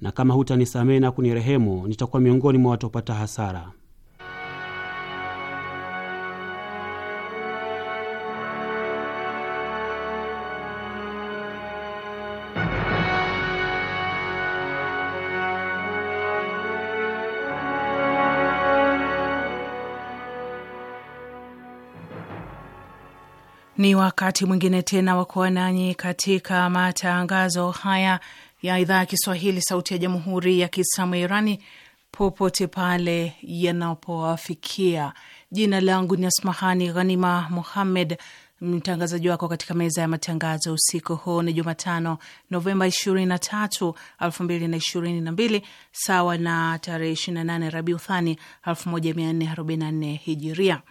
na kama hutanisamehe na kunirehemu nitakuwa miongoni mwa watopata hasara. Ni wakati mwingine tena wa kuwa nanyi katika matangazo haya ya idhaa ya Kiswahili sauti ya jamhuri ya Kiislamu ya Irani popote pale yanapowafikia. Jina langu ni Asmahani Ghanima Muhammed, mtangazaji wako katika meza ya matangazo usiku huu. Ni Jumatano, Novemba 23, na na mbili sawa na tarehe 28 rabiuthani nane hijiria.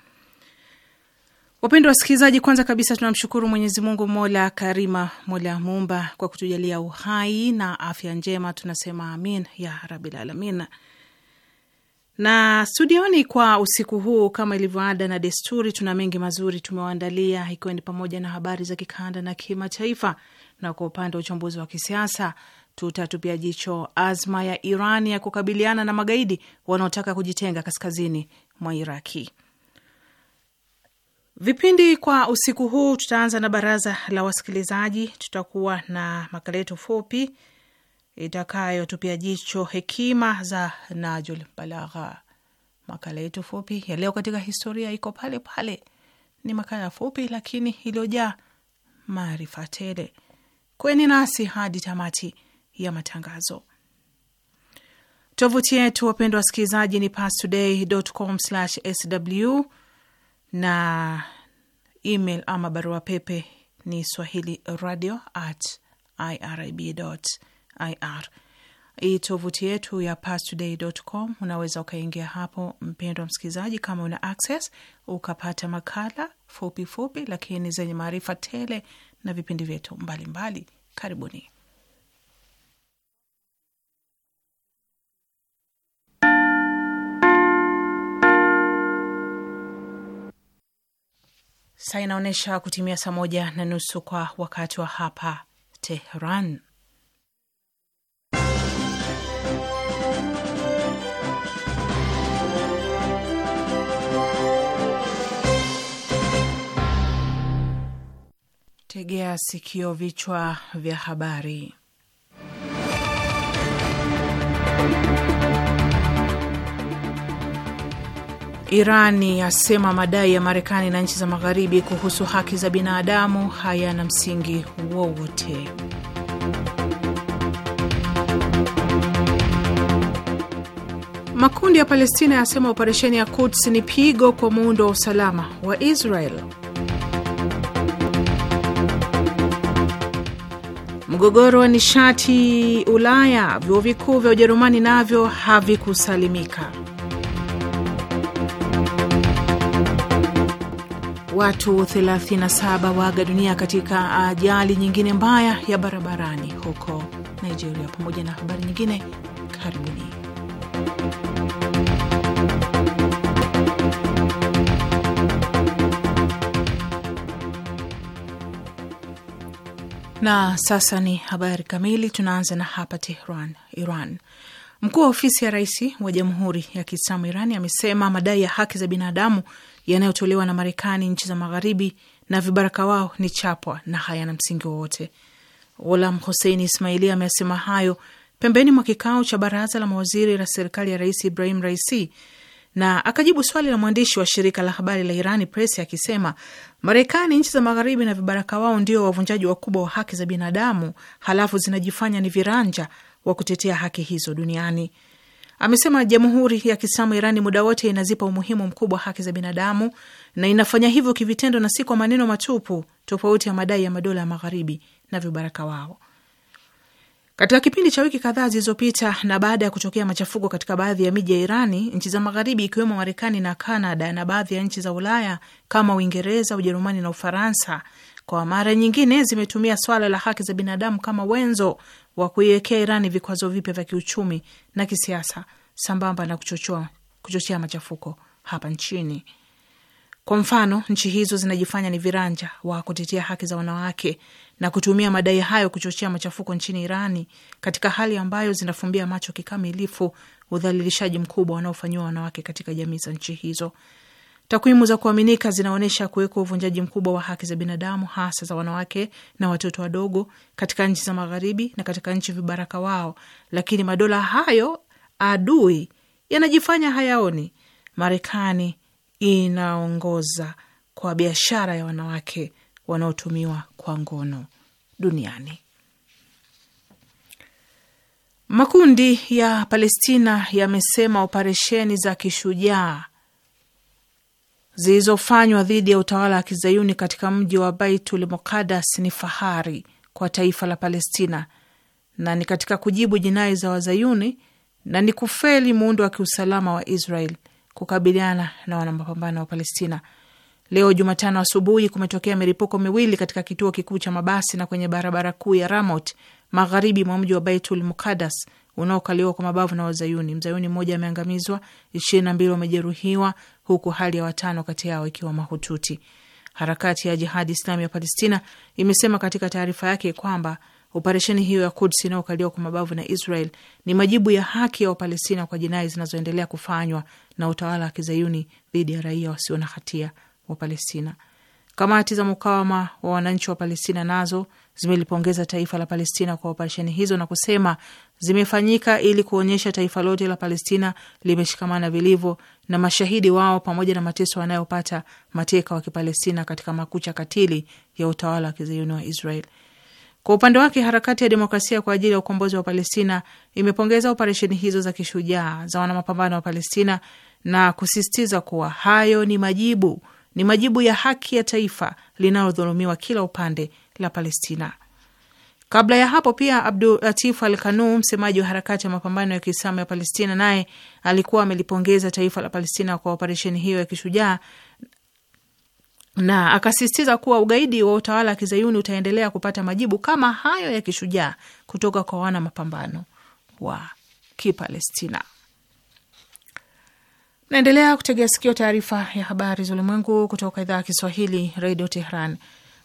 Wapendwa wasikilizaji, kwanza kabisa tunamshukuru Mwenyezi Mungu mola karima, mola mumba kwa kutujalia uhai na afya njema, tunasema amin ya rabil alamin. Na studioni kwa usiku huu, kama ilivyo ada na desturi, tuna mengi mazuri tumewaandalia, ikiwa ni pamoja na habari za kikanda na kimataifa, na kwa upande wa uchambuzi wa kisiasa tutatupia jicho azma ya Iran ya kukabiliana na magaidi wanaotaka kujitenga kaskazini mwa Iraki. Vipindi kwa usiku huu, tutaanza na baraza la wasikilizaji. Tutakuwa na makala yetu fupi itakayotupia jicho hekima za Najul Balagha. Makala yetu fupi ya leo katika historia iko pale pale, ni makala fupi lakini iliyojaa maarifa tele. Kweni nasi hadi tamati ya matangazo. Tovuti yetu wapendwa wasikilizaji ni pastoday.com/sw na email ama barua pepe ni swahili radio at irib ir. Tovuti yetu ya pastoday.com unaweza ukaingia hapo, mpendwa msikilizaji, kama una access ukapata makala fupifupi fupi, lakini zenye maarifa tele na vipindi vyetu mbalimbali. Karibuni. Saa inaonyesha kutimia saa moja na nusu kwa wakati wa hapa Tehran. Tegea sikio, vichwa vya habari. Irani yasema madai ya Marekani na nchi za magharibi kuhusu haki za binadamu hayana msingi wowote. Makundi ya Palestina yasema operesheni ya Quds ni pigo kwa muundo wa usalama wa Israel. Mgogoro wa nishati Ulaya, vyuo vikuu vya Ujerumani navyo havikusalimika. Watu 37 waaga dunia katika ajali nyingine mbaya ya barabarani huko Nigeria, pamoja na habari nyingine. Karibuni. Na sasa ni habari kamili. Tunaanza na hapa Tehran, Iran. Mkuu wa ofisi ya rais wa Jamhuri ya Kiislamu Irani amesema madai ya haki za binadamu yanayotolewa na Marekani, nchi za Magharibi na vibaraka wao ni chapwa na hayana msingi wowote. Ghulam Hussein Ismaili ameyasema hayo pembeni mwa kikao cha baraza la mawaziri la serikali ya Rais Ibrahim Raisi, na akajibu swali la mwandishi wa shirika la habari la Irani Press akisema Marekani, nchi za Magharibi na vibaraka wao ndio wavunjaji wakubwa wa haki za binadamu, halafu zinajifanya ni viranja wa kutetea haki hizo duniani. Amesema Jamhuri ya Kiislamu Irani muda wote inazipa umuhimu mkubwa haki za binadamu na inafanya hivyo kivitendo na si kwa maneno matupu, tofauti ya madai ya madola ya magharibi na vibaraka wao. Katika kipindi cha wiki kadhaa zilizopita na baada ya kutokea machafuko katika baadhi ya miji ya Irani, nchi za magharibi ikiwemo Marekani na Kanada na baadhi ya nchi za Ulaya kama Uingereza, Ujerumani na Ufaransa kwa mara nyingine zimetumia swala la haki za binadamu kama wenzo wa kuiwekea Irani vikwazo vipya vya kiuchumi na kisiasa sambamba na kuchochea kuchochea machafuko hapa nchini. Kwa mfano, nchi hizo zinajifanya ni viranja wa kutetea haki za wanawake na kutumia madai hayo kuchochea machafuko nchini Irani, katika hali ambayo zinafumbia macho kikamilifu udhalilishaji mkubwa wanaofanyiwa wanawake katika jamii za nchi hizo. Takwimu za kuaminika zinaonyesha kuwekwa uvunjaji mkubwa wa haki za binadamu hasa za wanawake na watoto wadogo katika nchi za Magharibi na katika nchi vibaraka wao, lakini madola hayo adui yanajifanya hayaoni. Marekani inaongoza kwa biashara ya wanawake wanaotumiwa kwa ngono duniani. Makundi ya Palestina yamesema operesheni za kishujaa zilizofanywa dhidi ya utawala wa kizayuni katika mji wa Baitul Muqaddas ni fahari kwa taifa la Palestina na ni katika kujibu jinai za wazayuni na ni kufeli muundo wa kiusalama wa Israel kukabiliana na wanamapambano wa Palestina. Leo Jumatano asubuhi kumetokea milipuko miwili katika kituo kikuu cha mabasi na kwenye barabara kuu ya Ramot, magharibi mwa mji wa Baitul Muqaddas unaokaliwa kwa mabavu na Wazayuni. Mzayuni mmoja ameangamizwa, ishirini na mbili wamejeruhiwa huku hali ya watano kati yao ikiwa mahututi. Harakati ya Jihadi Islami ya Palestina imesema katika taarifa yake kwamba operesheni hiyo ya Kuds inayokaliwa kwa mabavu na Israel ni majibu ya haki ya Wapalestina kwa jinai zinazoendelea kufanywa na utawala wa kizayuni dhidi ya raia wasio na hatia wa Palestina. Kamati za mukawama wa wananchi wa Palestina nazo zimelipongeza taifa la Palestina kwa operesheni hizo na kusema zimefanyika ili kuonyesha taifa lote la Palestina limeshikamana vilivyo na mashahidi wao pamoja na mateso wanayopata mateka wa Kipalestina katika makucha katili ya utawala wa kizayuni wa Israel. Kwa upande wake, harakati ya demokrasia kwa ajili ya ukombozi wa Palestina imepongeza operesheni hizo za kishujaa za wanamapambano wa Palestina na kusisitiza kuwa hayo ni majibu ni majibu ya haki ya taifa linalodhulumiwa kila upande la Palestina. Kabla ya hapo pia, Abdu Latif Al Kanu, msemaji wa harakati ya mapambano ya Kiislamu ya Palestina, naye alikuwa amelipongeza taifa la Palestina kwa operesheni hiyo ya kishujaa na akasisitiza kuwa ugaidi wa utawala wa kizayuni utaendelea kupata majibu kama hayo ya kishujaa kutoka kwa wana mapambano wa Kipalestina. Naendelea kutegea sikio taarifa ya habari za ulimwengu kutoka idhaa ya Kiswahili redio Tehran.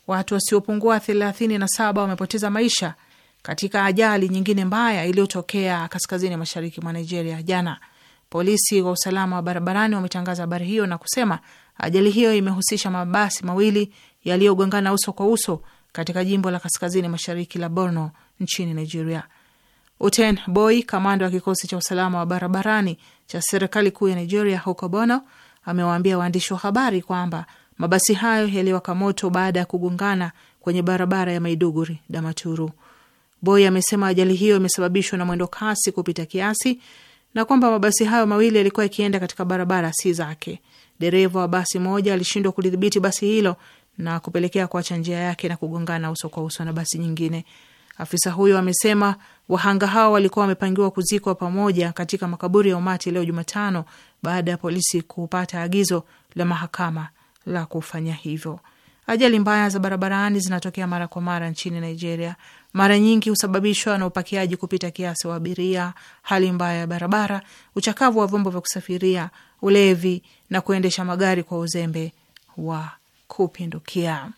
Watu wasiopungua 37 wamepoteza maisha katika ajali nyingine mbaya iliyotokea kaskazini mashariki mwa Nigeria jana. Polisi wa usalama wa barabarani wametangaza habari hiyo na kusema ajali hiyo imehusisha mabasi mawili yaliyogongana uso kwa uso katika jimbo la kaskazini mashariki la Borno nchini Nigeria. Uten Boy, kamanda wa kikosi cha usalama wa barabarani cha serikali kuu ya Nigeria huko Bono amewaambia waandishi wa habari kwamba mabasi hayo yaliwaka moto baada ya kugongana kwenye barabara ya Maiduguri Damaturu. Boy amesema ajali hiyo imesababishwa na mwendo kasi kupita kiasi na kwamba mabasi hayo mawili yalikuwa yakienda katika barabara si zake. Dereva wa basi moja alishindwa kulidhibiti basi hilo na kupelekea kuacha njia yake na kugongana uso kwa uso na basi nyingine. Afisa huyo amesema wahanga hao walikuwa wamepangiwa kuzikwa pamoja katika makaburi ya umati leo Jumatano baada ya polisi kupata agizo la mahakama la kufanya hivyo. Ajali mbaya za barabarani zinatokea mara kwa mara nchini Nigeria. Mara nyingi husababishwa na upakiaji kupita kiasi wa abiria, hali mbaya ya barabara, uchakavu wa vyombo vya kusafiria, ulevi na kuendesha magari kwa uzembe wa kupindukia.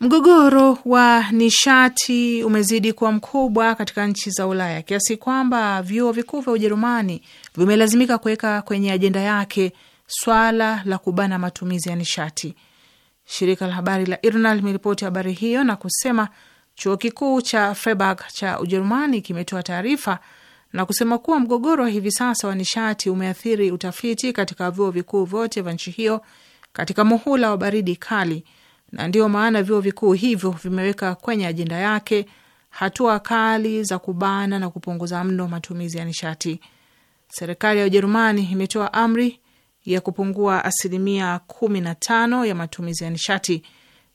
Mgogoro wa nishati umezidi kuwa mkubwa katika nchi za Ulaya kiasi kwamba vyuo vikuu vya Ujerumani vimelazimika kuweka kwenye ajenda yake swala la kubana matumizi ya nishati. Shirika la habari la IRNA limeripoti habari hiyo na kusema chuo kikuu cha Freiburg cha Ujerumani kimetoa taarifa na kusema kuwa mgogoro wa hivi sasa wa nishati umeathiri utafiti katika vyuo vikuu vyote vya nchi hiyo katika muhula wa baridi kali na ndiyo maana vyuo vikuu hivyo vimeweka kwenye ajenda yake hatua kali za kubana na kupunguza mno matumizi ya nishati. Serikali ya Ujerumani imetoa amri ya kupungua asilimia kumi na tano ya matumizi ya nishati.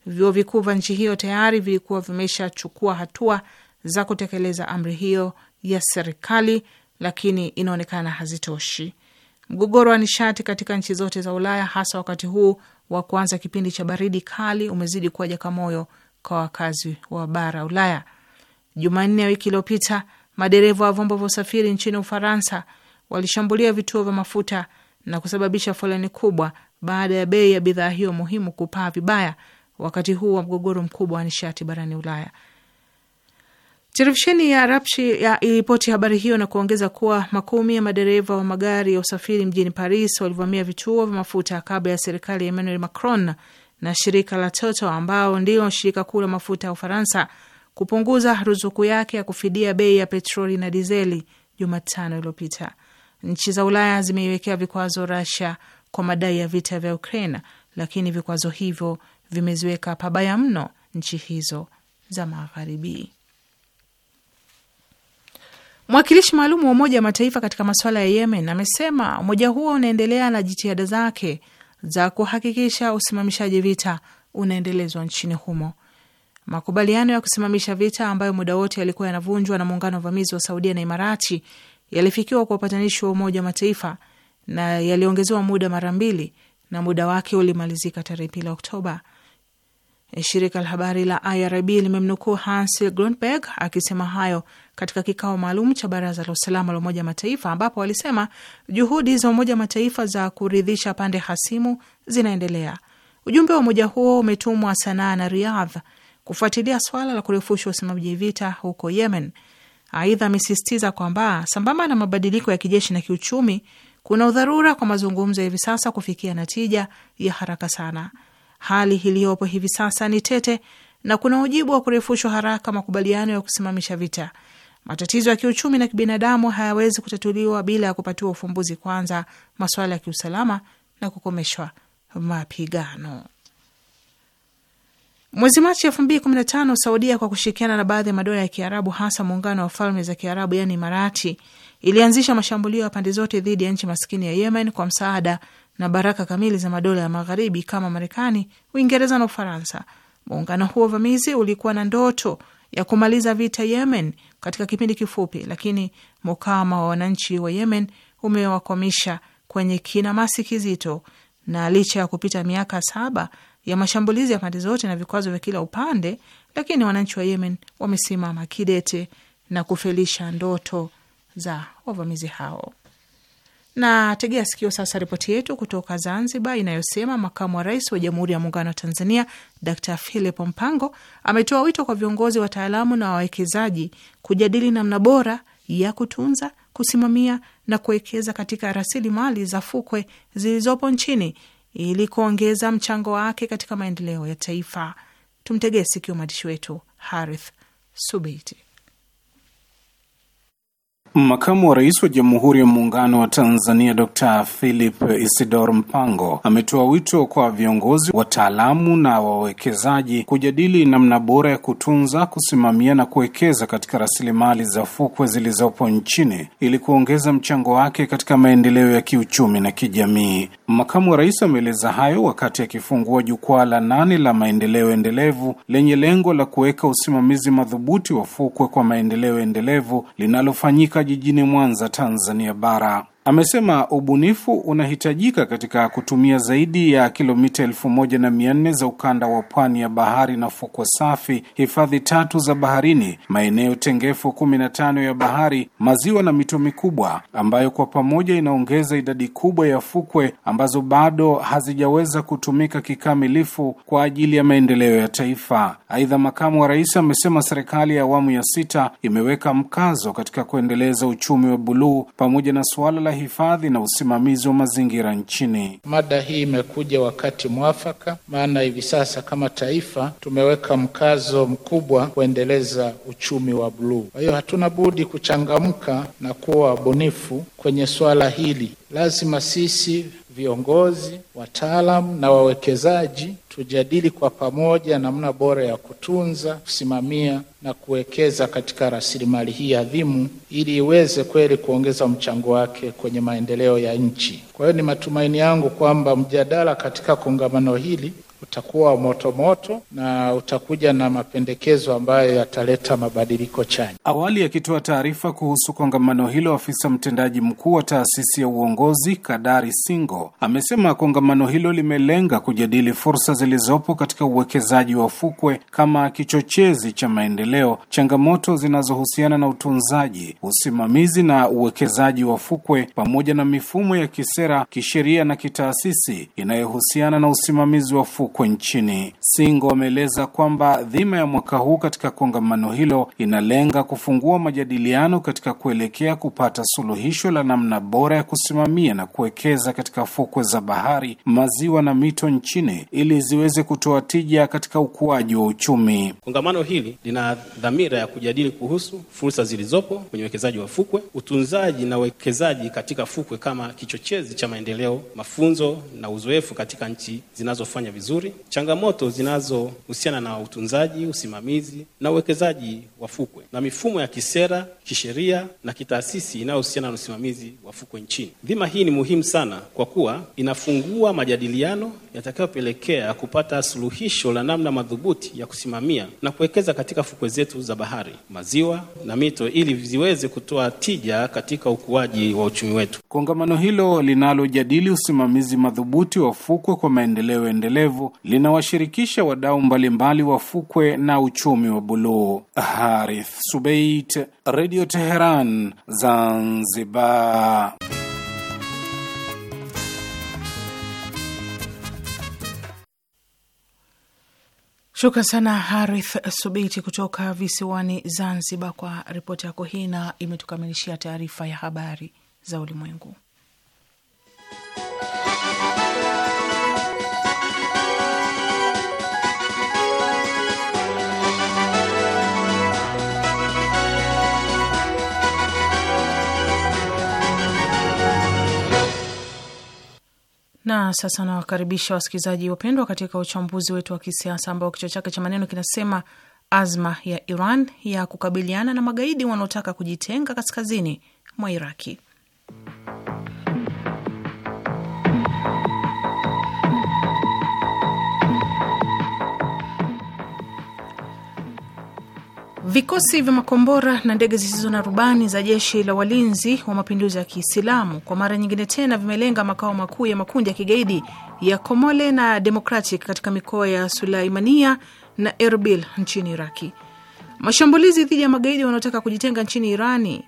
Vyuo vikuu vya nchi hiyo tayari vilikuwa vimeshachukua hatua za kutekeleza amri hiyo ya serikali, lakini inaonekana hazitoshi. Mgogoro wa nishati katika nchi zote za Ulaya, hasa wakati huu wa kuanza kipindi cha baridi kali umezidi kuwa jakamoyo kwa wakazi wa bara Ulaya. Jumanne ya wiki iliyopita madereva wa vyombo vya usafiri nchini Ufaransa walishambulia vituo vya mafuta na kusababisha foleni kubwa baada ya bei ya bidhaa hiyo muhimu kupaa vibaya wakati huu wa mgogoro mkubwa wa nishati barani Ulaya. Televisheni ya Rapshi ya iliripoti habari hiyo na kuongeza kuwa makumi ya madereva wa magari ya usafiri mjini Paris walivamia vituo vya mafuta kabla ya serikali ya Emmanuel Macron na shirika la Total ambao ndio shirika kuu la mafuta ya Ufaransa kupunguza ruzuku yake ya kufidia bei ya petroli na dizeli Jumatano iliyopita. Nchi za Ulaya zimeiwekea vikwazo Rasia kwa madai ya vita vya ukrain lakini vikwazo hivyo vimeziweka pabaya mno nchi hizo za Magharibi. Mwakilishi maalum wa Umoja wa Mataifa katika masuala ya Yemen amesema umoja huo unaendelea na jitihada zake za kuhakikisha usimamishaji vita unaendelezwa nchini humo. Makubaliano ya kusimamisha vita ambayo muda wote yalikuwa yanavunjwa na muungano wa vamizi wa Saudia na Imarati yalifikiwa kwa upatanishi wa Umoja wa Mataifa na yaliongezewa muda mara mbili na muda wake ulimalizika tarehe pili Oktoba. Shirika la habari la IRIB limemnukuu Hans Grundberg akisema hayo katika kikao maalum cha baraza la usalama la Umoja Mataifa, ambapo walisema juhudi za Umoja Mataifa za kuridhisha pande hasimu zinaendelea. Ujumbe wa umoja huo umetumwa Sanaa na Riadh kufuatilia swala la kurefushwa usimamaji vita huko Yemen. Aidha, amesisitiza kwamba sambamba na mabadiliko ya kijeshi na kiuchumi, kuna udharura kwa mazungumzo ya hivi sasa kufikia natija ya haraka sana. Hali iliyopo hivi sasa ni tete na kuna ujibu wa kurefushwa haraka makubaliano ya kusimamisha vita Matatizo ya kiuchumi na kibinadamu hayawezi kutatuliwa bila ya kupatiwa ufumbuzi kwanza masuala ya kiusalama na kukomeshwa mapigano. Mwezi Machi elfu mbili kumi na tano, Saudia kwa kushirikiana na baadhi ya madola ya Kiarabu, hasa Muungano wa Falme za Kiarabu yani Imarati, ilianzisha mashambulio ya pande zote dhidi ya nchi maskini ya Yemen kwa msaada na baraka kamili za madola ya Magharibi kama Marekani, Uingereza na Ufaransa. Muungano huo vamizi ulikuwa na ndoto ya kumaliza vita Yemen katika kipindi kifupi, lakini mukama wa wananchi wa Yemen umewakwamisha kwenye kinamasi kizito, na licha ya kupita miaka saba ya mashambulizi ya pande zote na vikwazo vya kila upande, lakini wananchi wa Yemen wamesimama kidete na kufelisha ndoto za wavamizi hao. Na tegea sikio sasa ripoti yetu kutoka Zanzibar inayosema makamu wa rais wa Jamhuri ya Muungano wa Tanzania Dr Philip Mpango ametoa wito kwa viongozi, wataalamu na wawekezaji kujadili namna bora ya kutunza, kusimamia na kuwekeza katika rasilimali za fukwe zilizopo nchini ili kuongeza mchango wake katika maendeleo ya taifa. Tumtegee sikio mwandishi wetu Harith Subeiti. Makamu wa Rais wa Jamhuri ya Muungano wa Tanzania Dr. Philip Isidor Mpango ametoa wito kwa viongozi, wataalamu na wawekezaji kujadili namna bora ya kutunza, kusimamia na kuwekeza katika rasilimali za fukwe zilizopo nchini ili kuongeza mchango wake katika maendeleo ya kiuchumi na kijamii. Makamu wa Rais ameeleza hayo wakati akifungua jukwaa la nane la maendeleo endelevu lenye lengo la kuweka usimamizi madhubuti wa fukwe kwa maendeleo endelevu linalofanyika jijini Mwanza, Tanzania Bara. Amesema ubunifu unahitajika katika kutumia zaidi ya kilomita elfu moja na mia nne za ukanda wa pwani ya bahari na fukwe safi, hifadhi tatu za baharini, maeneo tengefu kumi na tano ya bahari, maziwa na mito mikubwa ambayo kwa pamoja inaongeza idadi kubwa ya fukwe ambazo bado hazijaweza kutumika kikamilifu kwa ajili ya maendeleo ya taifa. Aidha, makamu wa rais amesema serikali ya awamu ya sita imeweka mkazo katika kuendeleza uchumi wa buluu pamoja na suala la hifadhi na usimamizi wa mazingira nchini. Mada hii imekuja wakati mwafaka, maana hivi sasa kama taifa tumeweka mkazo mkubwa kuendeleza uchumi wa bluu. Kwa hiyo hatuna budi kuchangamka na kuwa wabunifu kwenye suala hili. Lazima sisi viongozi, wataalamu na wawekezaji tujadili kwa pamoja namna bora ya kutunza, kusimamia na kuwekeza katika rasilimali hii adhimu ili iweze kweli kuongeza mchango wake kwenye maendeleo ya nchi. Kwa hiyo ni matumaini yangu kwamba mjadala katika kongamano hili utakuwa moto moto na utakuja na mapendekezo ambayo yataleta mabadiliko chanya. Awali akitoa taarifa kuhusu kongamano hilo, afisa mtendaji mkuu wa taasisi ya uongozi Kadari Singo amesema kongamano hilo limelenga kujadili fursa zilizopo katika uwekezaji wa fukwe kama kichochezi cha maendeleo, changamoto zinazohusiana na utunzaji, usimamizi na uwekezaji wa fukwe, pamoja na mifumo ya kisera, kisheria na kitaasisi inayohusiana na usimamizi wa fukwe huko nchini. Singo ameeleza kwamba dhima ya mwaka huu katika kongamano hilo inalenga kufungua majadiliano katika kuelekea kupata suluhisho la namna bora ya kusimamia na kuwekeza katika fukwe za bahari, maziwa na mito nchini ili ziweze kutoa tija katika ukuaji wa uchumi. Kongamano hili lina dhamira ya kujadili kuhusu fursa zilizopo kwenye uwekezaji wa fukwe, utunzaji na uwekezaji katika fukwe kama kichochezi cha maendeleo, mafunzo na uzoefu katika nchi zinazofanya vizuri vizuri changamoto zinazohusiana na utunzaji, usimamizi na uwekezaji wa fukwe na mifumo ya kisera, kisheria na kitaasisi inayohusiana na usimamizi wa fukwe nchini. Dhima hii ni muhimu sana kwa kuwa inafungua majadiliano yatakayopelekea kupata suluhisho la namna madhubuti ya kusimamia na kuwekeza katika fukwe zetu za bahari, maziwa na mito ili ziweze kutoa tija katika ukuaji wa uchumi wetu. Kongamano hilo linalojadili usimamizi madhubuti wa fukwe kwa maendeleo endelevu linawashirikisha wadau mbalimbali wa fukwe na uchumi wa buluu. Harith Subeit, Radio Teheran, Zanzibar. Shukran sana Harith Subiti kutoka visiwani Zanzibar kwa ripoti yako hii, na imetukamilishia taarifa ya habari za ulimwengu. Na sasa nawakaribisha wasikilizaji wapendwa katika uchambuzi wetu wa kisiasa ambao kichwa chake cha maneno kinasema azma ya Iran ya kukabiliana na magaidi wanaotaka kujitenga kaskazini mwa Iraki. Vikosi vya makombora na ndege zisizo na rubani za jeshi la walinzi wa mapinduzi ya Kiislamu kwa mara nyingine tena vimelenga makao makuu ya makundi ya kigaidi ya Komole na Democratic katika mikoa ya Sulaimania na Erbil nchini Iraki. Mashambulizi dhidi ya magaidi wanaotaka kujitenga nchini Irani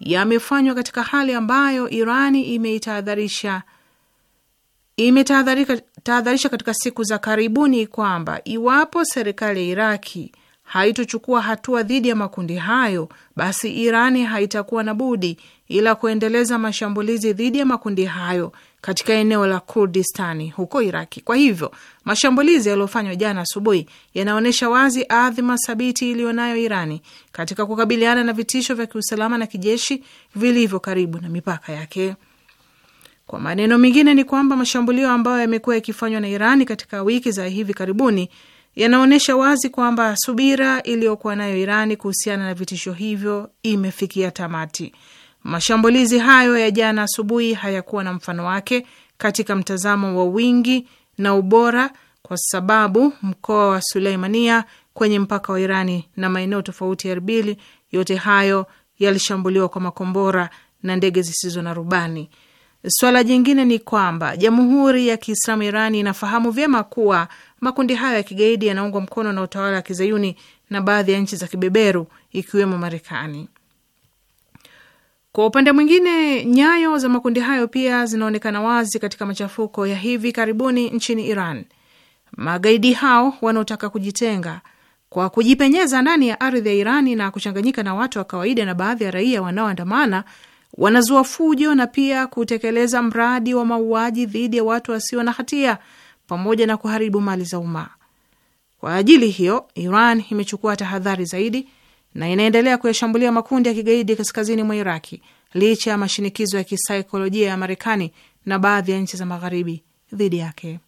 yamefanywa katika hali ambayo Irani imetahadharisha imetahadharisha katika siku za karibuni kwamba iwapo serikali ya Iraki haitochukua hatua dhidi ya makundi hayo, basi Irani haitakuwa na budi ila kuendeleza mashambulizi dhidi ya makundi hayo katika eneo la Kurdistani huko Iraki. Kwa hivyo mashambulizi yaliyofanywa jana asubuhi yanaonyesha wazi adhima thabiti iliyo nayo Irani katika kukabiliana na vitisho vya kiusalama na kijeshi vilivyo karibu na mipaka yake. Kwa maneno mengine ni kwamba mashambulio ambayo yamekuwa yakifanywa na Irani katika wiki za hivi karibuni yanaonyesha wazi kwamba subira iliyokuwa nayo Irani kuhusiana na vitisho hivyo imefikia tamati. Mashambulizi hayo ya jana asubuhi hayakuwa na mfano wake katika mtazamo wa wingi na ubora, kwa sababu mkoa wa Suleimania kwenye mpaka wa Irani na maeneo tofauti ya Erbili, yote hayo yalishambuliwa kwa makombora na ndege zisizo na rubani. Swala jingine ni kwamba Jamhuri ya Kiislamu Irani inafahamu vyema kuwa Makundi hayo ya kigaidi yanaungwa mkono na utawala wa kizayuni na baadhi ya nchi za kibeberu ikiwemo Marekani. Kwa upande mwingine, nyayo za makundi hayo pia zinaonekana wazi katika machafuko ya hivi karibuni nchini Iran. Magaidi hao wanaotaka kujitenga kwa kujipenyeza ndani ya ardhi ya Irani na kuchanganyika na watu wa kawaida na baadhi ya raia wanaoandamana wanazua fujo na pia kutekeleza mradi wa mauaji dhidi ya watu wasio na hatia pamoja na kuharibu mali za umma. Kwa ajili hiyo, Iran imechukua tahadhari zaidi na inaendelea kuyashambulia makundi ya kigaidi kaskazini mwa Iraki licha ya mashinikizo ya kisaikolojia ya Marekani na baadhi ya nchi za Magharibi dhidi yake.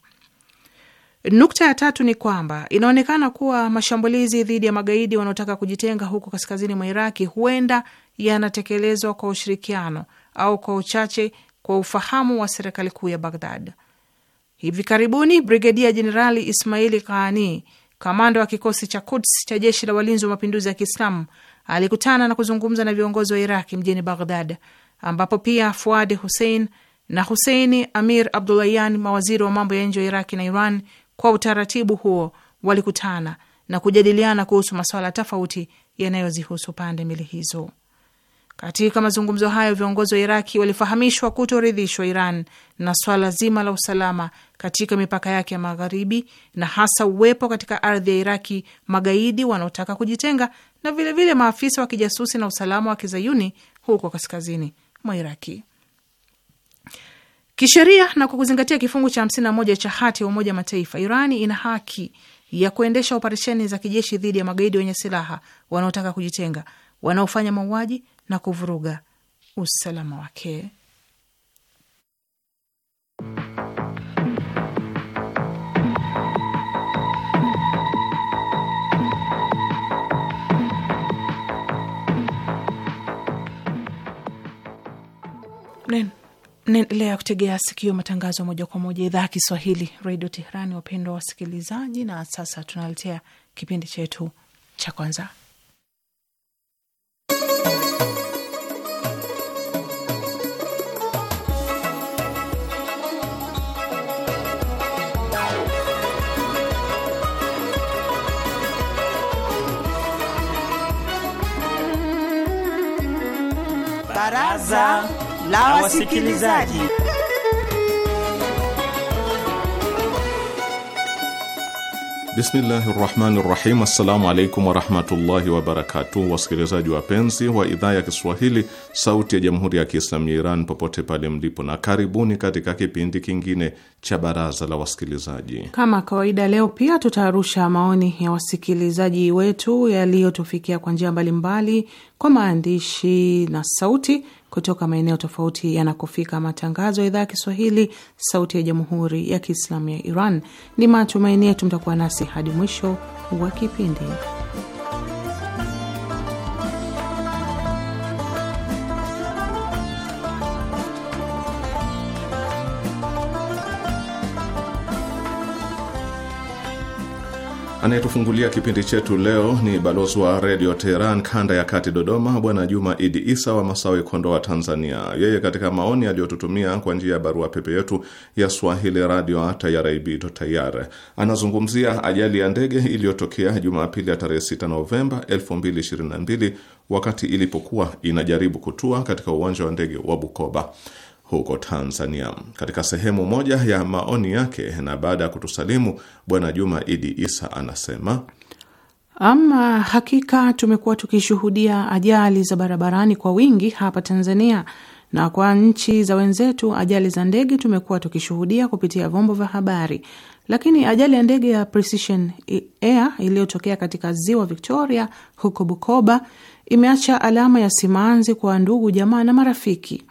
Nukta ya tatu ni kwamba inaonekana kuwa mashambulizi dhidi ya magaidi wanaotaka kujitenga huko kaskazini mwa Iraki huenda yanatekelezwa kwa ushirikiano au kwa uchache kwa ufahamu wa serikali kuu ya Baghdad. Hivi karibuni Brigedia Jenerali Ismaili Kaani, kamanda wa kikosi cha Kuds cha jeshi la walinzi wa mapinduzi ya Kiislamu, alikutana na kuzungumza na viongozi wa Iraki mjini Baghdad, ambapo pia Fuad Hussein na Huseini Amir Abdulayan, mawaziri wa mambo ya nje wa Iraki na Iran, kwa utaratibu huo walikutana na kujadiliana kuhusu masuala tofauti yanayozihusu pande mbili hizo. Katika mazungumzo hayo viongozi wa Iraki walifahamishwa kutoridhishwa Iran na swala zima la usalama katika mipaka yake ya magharibi na hasa uwepo katika ardhi ya Iraki magaidi wanaotaka kujitenga na vilevile vile maafisa wa kijasusi na usalama wa kizayuni huko kaskazini mwa Iraki. Kisheria na kwa kuzingatia kifungu cha moja cha hati ya Umoja Mataifa, Iran ina haki ya kuendesha operesheni za kijeshi dhidi ya magaidi wenye silaha wanaotaka kujitenga, wanaofanya mauaji na kuvuruga usalama wake. Naendelea kutegea sikio matangazo moja kwa moja idhaa ya Kiswahili redio Teherani, wapendwa wasikilizaji. Na sasa tunaletea kipindi chetu cha kwanza Baraza la Wasikilizaji. Bismillahi rahmani rahim. Assalamu alaikum warahmatullahi wabarakatuh, wasikilizaji wapenzi wa idhaa ya Kiswahili sauti ya jamhuri ya kiislamu ya Iran popote pale mlipo, na karibuni katika kipindi kingine cha baraza la wasikilizaji. Kama kawaida, leo pia tutaarusha maoni ya wasikilizaji wetu yaliyotufikia kwa njia mbalimbali, kwa maandishi na sauti kutoka maeneo tofauti yanakofika matangazo ya idhaa ya Kiswahili, sauti ya jamhuri ya kiislamu ya Iran. Ni matumaini yetu mtakuwa nasi hadi mwisho wa kipindi. Anayetufungulia kipindi chetu leo ni balozi wa redio Teheran kanda ya kati Dodoma, bwana Juma Idi Isa wa Masawi, Kondoa, Tanzania. Yeye katika maoni aliyotutumia kwa njia ya barua pepe yetu ya swahili radio tayar, anazungumzia ajali ya ndege iliyotokea Jumapili ya tarehe 6 Novemba 2022 wakati ilipokuwa inajaribu kutua katika uwanja wa ndege wa Bukoba huko Tanzania. Katika sehemu moja ya maoni yake na baada ya kutusalimu, Bwana Juma Idi Isa anasema ama hakika tumekuwa tukishuhudia ajali za barabarani kwa wingi hapa Tanzania, na kwa nchi za wenzetu ajali za ndege tumekuwa tukishuhudia kupitia vyombo vya habari, lakini ajali ya ndege ya Precision Air iliyotokea katika ziwa Victoria huko Bukoba imeacha alama ya simanzi kwa ndugu, jamaa na marafiki.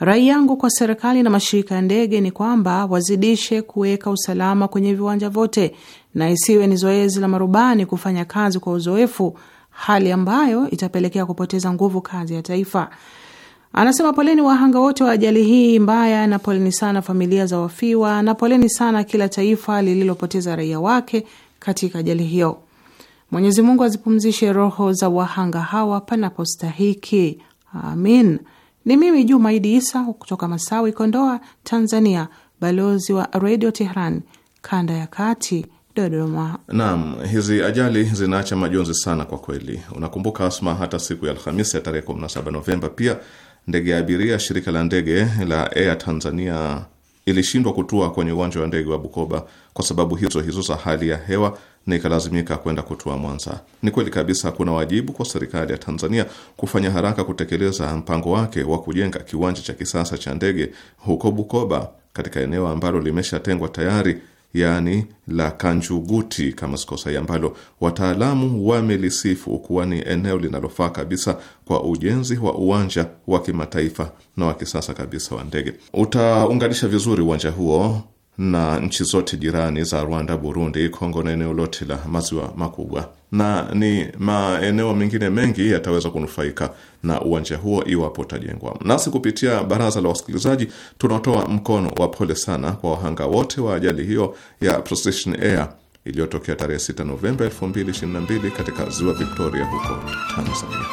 Rai yangu kwa serikali na mashirika ya ndege ni kwamba wazidishe kuweka usalama kwenye viwanja vyote na isiwe ni zoezi la marubani kufanya kazi kwa uzoefu, hali ambayo itapelekea kupoteza nguvu kazi ya taifa. Anasema poleni wahanga wote wa ajali hii mbaya, na poleni sana familia za wafiwa, na poleni sana kila taifa lililopoteza raia wake katika ajali hiyo. Mwenyezi Mungu azipumzishe roho za wahanga hawa panapostahiki, amin. Ni mimi Juma Idi Isa kutoka Masawi, Kondoa, Tanzania, balozi wa Redio Tehran kanda ya kati, Dodoma. Naam, hizi ajali zinaacha majonzi sana kwa kweli. Unakumbuka Asma, hata siku ya Alhamisi ya tarehe 17 Novemba pia ndege ya abiria shirika la ndege la Air Tanzania ilishindwa kutua kwenye uwanja wa ndege wa Bukoba kwa sababu hizo hizo za hali ya hewa na ikalazimika kwenda kutua Mwanza. Ni kweli kabisa kuna wajibu kwa serikali ya Tanzania kufanya haraka kutekeleza mpango wake wa kujenga kiwanja cha kisasa cha ndege huko Bukoba katika eneo ambalo limeshatengwa tayari yaani la Kanjuguti kama sikosa, ambalo wataalamu wamelisifu kuwa ni eneo linalofaa kabisa kwa ujenzi wa uwanja wa kimataifa na wa kisasa kabisa wa ndege. Utaunganisha vizuri uwanja huo na nchi zote jirani za Rwanda, Burundi, Kongo na eneo lote la maziwa makubwa, na ni maeneo mengine mengi yataweza kunufaika na uwanja huo iwapo utajengwa. Nasi kupitia baraza la wasikilizaji tunatoa mkono wa pole sana kwa wahanga wote wa ajali hiyo ya Precision Air iliyotokea tarehe 6 Novemba 2022 katika ziwa Victoria huko Tanzania.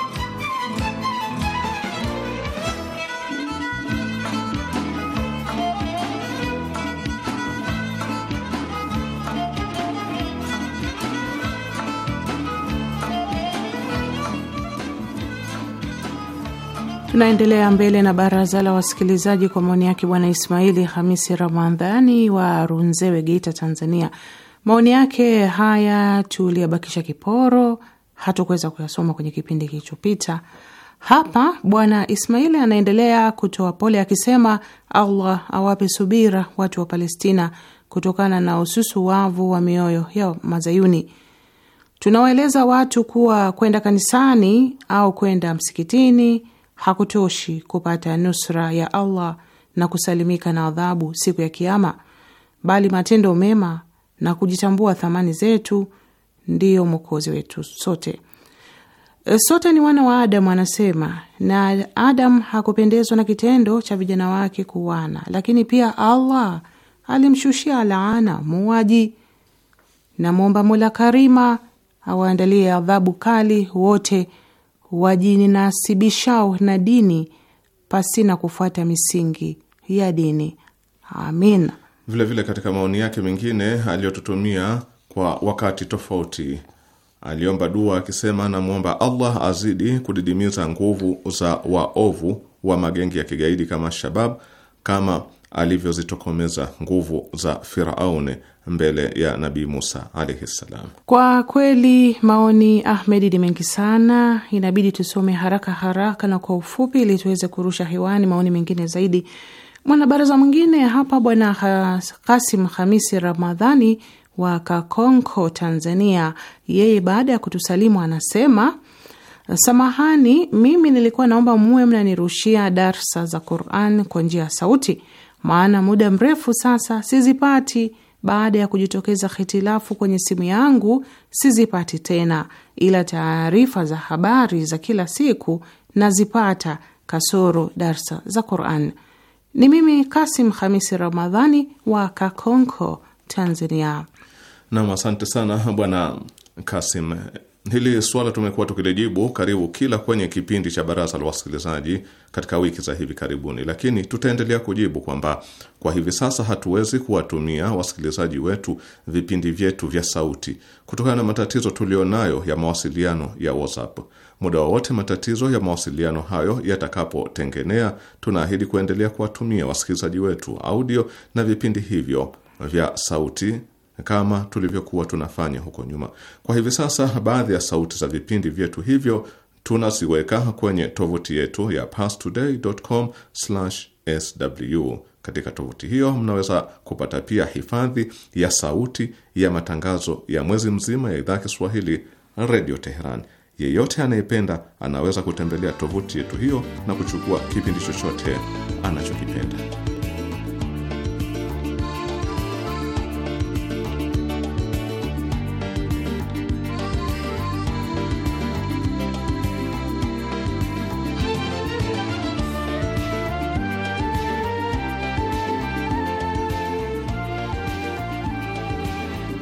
Tunaendelea mbele na baraza la wasikilizaji kwa maoni yake Bwana Ismaili Hamisi Ramadhani wa Runzewe, Geita, Tanzania. Maoni yake haya tuliyabakisha kiporo, hatukuweza kuyasoma kwenye kipindi kilichopita. Hapa Bwana Ismaili anaendelea kutoa pole akisema, Allah awape subira watu wa Palestina kutokana na ususu wavu wa mioyo ya Mazayuni. Tunawaeleza watu kuwa kwenda kanisani au kwenda msikitini hakutoshi kupata nusra ya Allah na kusalimika na adhabu siku ya Kiama, bali matendo mema na kujitambua thamani zetu ndiyo mwokozi wetu sote. E, sote ni wana wa Adamu, anasema na Adamu hakupendezwa na kitendo cha vijana wake kuwana, lakini pia Allah alimshushia laana muwaji. Namwomba Mola Karima awaandalie adhabu kali wote wajinasibishao na dini pasina kufuata misingi ya dini. Amin. Vilevile katika maoni yake mengine aliyotutumia kwa wakati tofauti aliomba dua akisema, namwomba Allah azidi kudidimiza nguvu za waovu wa magenge ya kigaidi kama Shabab, kama alivyozitokomeza nguvu za firauni mbele ya Nabii Musa alaihi ssalam. Kwa kweli maoni Ahmedi ni mengi sana, inabidi tusome haraka haraka na kwa ufupi ili tuweze kurusha hewani maoni mengine zaidi. Mwanabaraza mwingine hapa Bwana Kasim Hamisi Ramadhani wa Kakonko, Tanzania, yeye baada ya kutusalimu anasema samahani, mimi nilikuwa naomba muwe mnanirushia darsa za Quran kwa njia ya sauti maana muda mrefu sasa sizipati. Baada ya kujitokeza hitilafu kwenye simu yangu, sizipati tena, ila taarifa za habari za kila siku nazipata, kasoro darsa za Quran. Ni mimi Kasim Hamisi Ramadhani wa Kakonko, Tanzania. Nam, asante sana Bwana Kasim Hili swala tumekuwa tukilijibu karibu kila kwenye kipindi cha baraza la wasikilizaji katika wiki za hivi karibuni, lakini tutaendelea kujibu kwamba kwa hivi sasa hatuwezi kuwatumia wasikilizaji wetu vipindi vyetu vya sauti kutokana na matatizo tuliyonayo ya mawasiliano ya WhatsApp. Muda wowote matatizo ya mawasiliano hayo yatakapotengenea, tunaahidi kuendelea kuwatumia wasikilizaji wetu audio na vipindi hivyo vya sauti kama tulivyokuwa tunafanya huko nyuma. Kwa hivi sasa, baadhi ya sauti za vipindi vyetu hivyo tunaziweka kwenye tovuti yetu ya pastoday.com/sw. Katika tovuti hiyo mnaweza kupata pia hifadhi ya sauti ya matangazo ya mwezi mzima ya idhaa Kiswahili Radio Teheran. Yeyote anayependa anaweza kutembelea tovuti yetu hiyo na kuchukua kipindi chochote anachokipenda.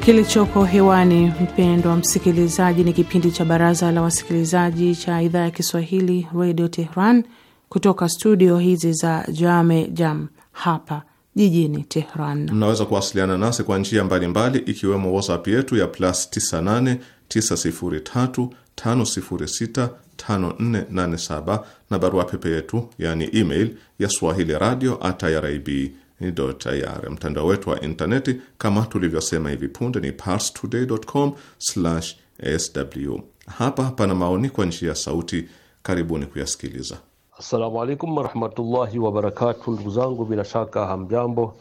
Kilichoko hewani, mpendwa msikilizaji, ni kipindi cha Baraza la Wasikilizaji cha Idhaa ya Kiswahili Radio Tehran kutoka studio hizi za Jame Jam hapa jijini Tehran. Mnaweza kuwasiliana nasi kwa njia mbalimbali, ikiwemo WhatsApp yetu ya plus 98 na barua pepe yetu, yani email ya swahili radio at irib ir. Mtandao wetu wa intaneti kama tulivyosema hivi punde ni parstoday.com/sw. Hapa pana maoni kwa njia ya sauti, karibuni kuyasikiliza. Assalamu alaikum warahmatullahi wabarakatu. Ndugu zangu, bila shaka hamjambo,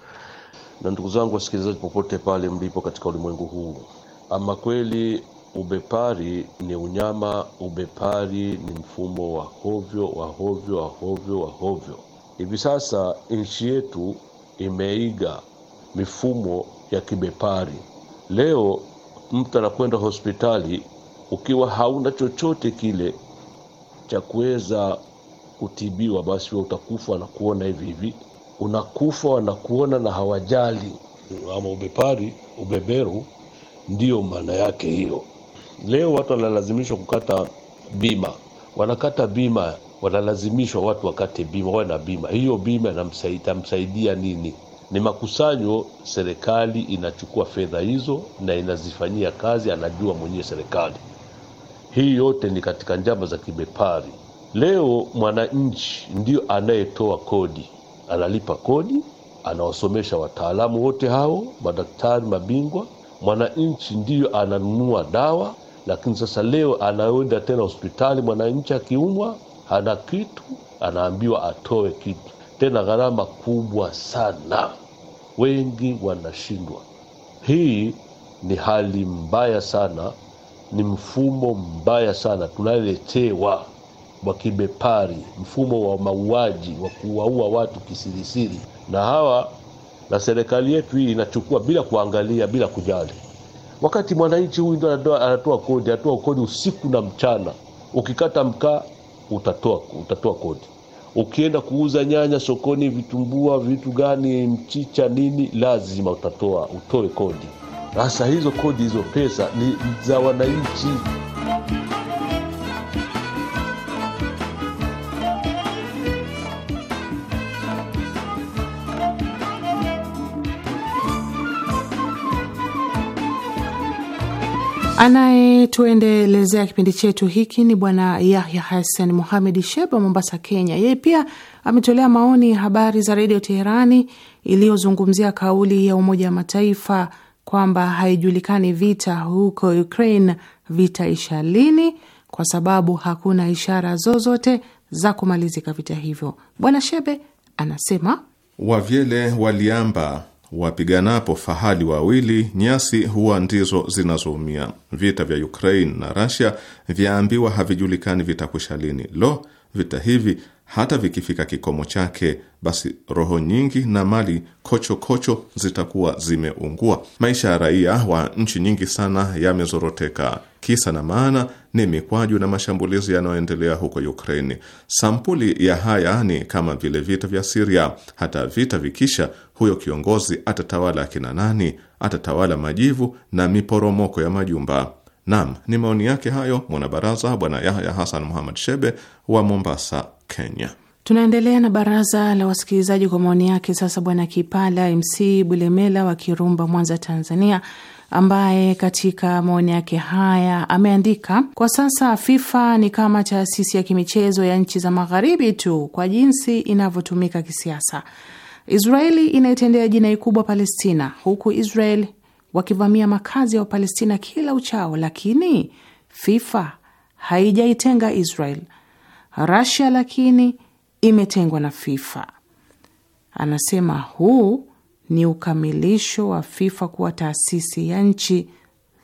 na ndugu zangu wasikilizaji popote pale mlipo katika ulimwengu huu. Ama kweli ubepari ni unyama, ubepari ni mfumo wa hovyo wa hovyo wa hovyo wa hovyo. Hivi sasa nchi yetu imeiga mifumo ya kibepari. Leo mtu anakwenda hospitali ukiwa hauna chochote kile cha kuweza kutibiwa, basi we utakufa wanakuona hivi hivi, unakufa wanakuona na hawajali. Ama ubepari, ubeberu, ndiyo maana yake hiyo. Leo watu wanalazimishwa kukata bima, wanakata bima wanalazimishwa watu wakate bima, wawe na bima. Hiyo bima itamsaidia nini? Ni makusanyo, serikali inachukua fedha hizo na inazifanyia kazi, anajua mwenyewe serikali. Hii yote ni katika njama za kibepari. Leo mwananchi ndio anayetoa kodi, analipa kodi, anawasomesha wataalamu wote hao, madaktari mabingwa. Mwananchi ndiyo ananunua dawa, lakini sasa leo anaenda tena hospitali mwananchi akiumwa hana kitu, anaambiwa atoe kitu, tena gharama kubwa sana. Wengi wanashindwa. Hii ni hali mbaya sana, ni mfumo mbaya sana tunaletewa wa kibepari, mfumo wa mauaji, wa kuwaua watu kisirisiri, na hawa na serikali yetu hii inachukua bila kuangalia, bila kujali. Wakati mwananchi huyu ndo anatoa kodi, anatoa kodi usiku na mchana, ukikata mkaa utatoa, utatoa kodi. Ukienda kuuza nyanya sokoni, vitumbua, vitu gani, mchicha, nini, lazima utatoa, utoe kodi. Sasa hizo kodi, hizo pesa ni za wananchi. Anayetuendelezea kipindi chetu hiki ni Bwana Yahya Hassan Sheb wa Mombasa, Kenya. Yeye pia ametolea maoni habari za Redio Teherani iliyozungumzia kauli ya Umoja wa Mataifa kwamba haijulikani vita huko Ukraine vitaisha lini, kwa sababu hakuna ishara zozote za kumalizika vita hivyo. Bwana Shebe anasema wavyele waliamba wapiganapo fahali wawili, nyasi huwa ndizo zinazoumia. Vita vya Ukraine na Russia vyaambiwa havijulikani vitakusha lini. Lo, vita hivi hata vikifika kikomo chake, basi roho nyingi na mali kocho kocho zitakuwa zimeungua. Maisha ya raia wa nchi nyingi sana yamezoroteka. Kisa na maana ni mikwaju na mashambulizi yanayoendelea huko Ukraini. Sampuli ya haya ni kama vile vita vya Siria. Hata vita vikisha, huyo kiongozi atatawala akina nani? Atatawala majivu na miporomoko ya majumba. Nam, ni maoni yake hayo mwanabaraza Bwana Yahya Hasan Muhammad Shebe wa Mombasa, Kenya. Tunaendelea na baraza la wasikilizaji kwa maoni yake. Sasa Bwana Kipala MC Bulemela wa Kirumba, Mwanza, Tanzania ambaye katika maoni yake haya ameandika, kwa sasa FIFA ni kama taasisi ya kimichezo ya nchi za magharibi tu kwa jinsi inavyotumika kisiasa. Israeli inaitendea jinai kubwa Palestina, huku Israel wakivamia makazi ya Wapalestina kila uchao, lakini FIFA haijaitenga Israel. rasia lakini imetengwa na FIFA. Anasema huu ni ukamilisho wa FIFA kuwa taasisi ya nchi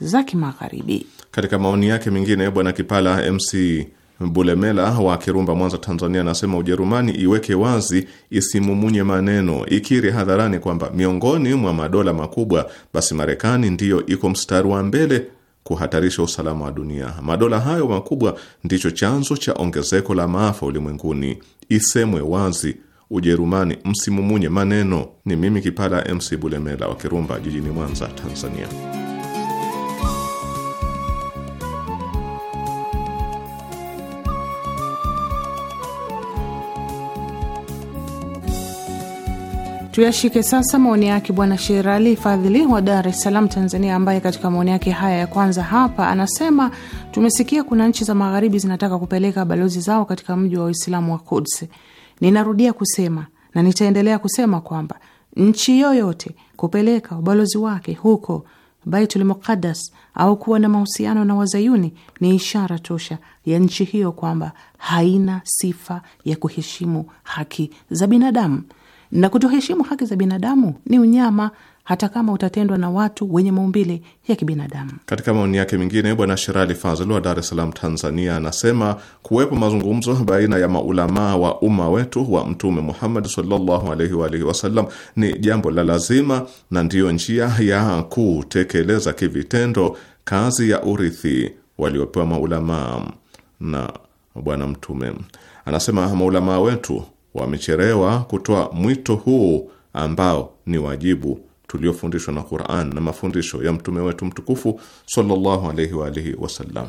za kimagharibi. Katika maoni yake mengine, Bwana Kipala MC Bulemela wa Kirumba, Mwanza, Tanzania, anasema Ujerumani iweke wazi, isimumunye maneno, ikiri hadharani kwamba miongoni mwa madola makubwa, basi Marekani ndiyo iko mstari wa mbele kuhatarisha usalama wa dunia. Madola hayo makubwa ndicho chanzo cha ongezeko la maafa ulimwenguni. Isemwe wazi Ujerumani. Msimumunye maneno. Ni mimi Kipala MC Bulemela wa Kirumba jijini Mwanza, Tanzania. Tuyashike sasa maoni yake Bwana Sherali Fadhili wa Dar es Salaam, Tanzania, ambaye katika maoni yake haya ya kwanza hapa anasema tumesikia kuna nchi za magharibi zinataka kupeleka balozi zao katika mji wa Waislamu wa kudsi Ninarudia kusema na nitaendelea kusema kwamba nchi yoyote kupeleka ubalozi wake huko Baitul Muqaddas au kuwa na mahusiano na wazayuni ni ishara tosha ya nchi hiyo kwamba haina sifa ya kuheshimu haki za binadamu, na kutoheshimu haki za binadamu ni unyama hata kama utatendwa na watu wenye maumbile ya kibinadamu. Katika maoni yake mengine, Bwana Sherali Fazl wa Dar es Salaam, Tanzania, anasema kuwepo mazungumzo baina ya maulamaa wa umma wetu wa Mtume Muhammad sallallahu alaihi wa alihi wasallam ni jambo la lazima na ndiyo njia ya kutekeleza kivitendo kazi ya urithi waliopewa maulamaa na Bwana Mtume. Anasema maulamaa wetu wamecherewa kutoa mwito huu ambao ni wajibu tuliofundishwa na Qur'an na mafundisho ya mtume wetu mtukufu sallallahu alayhi wa alihi wasallam.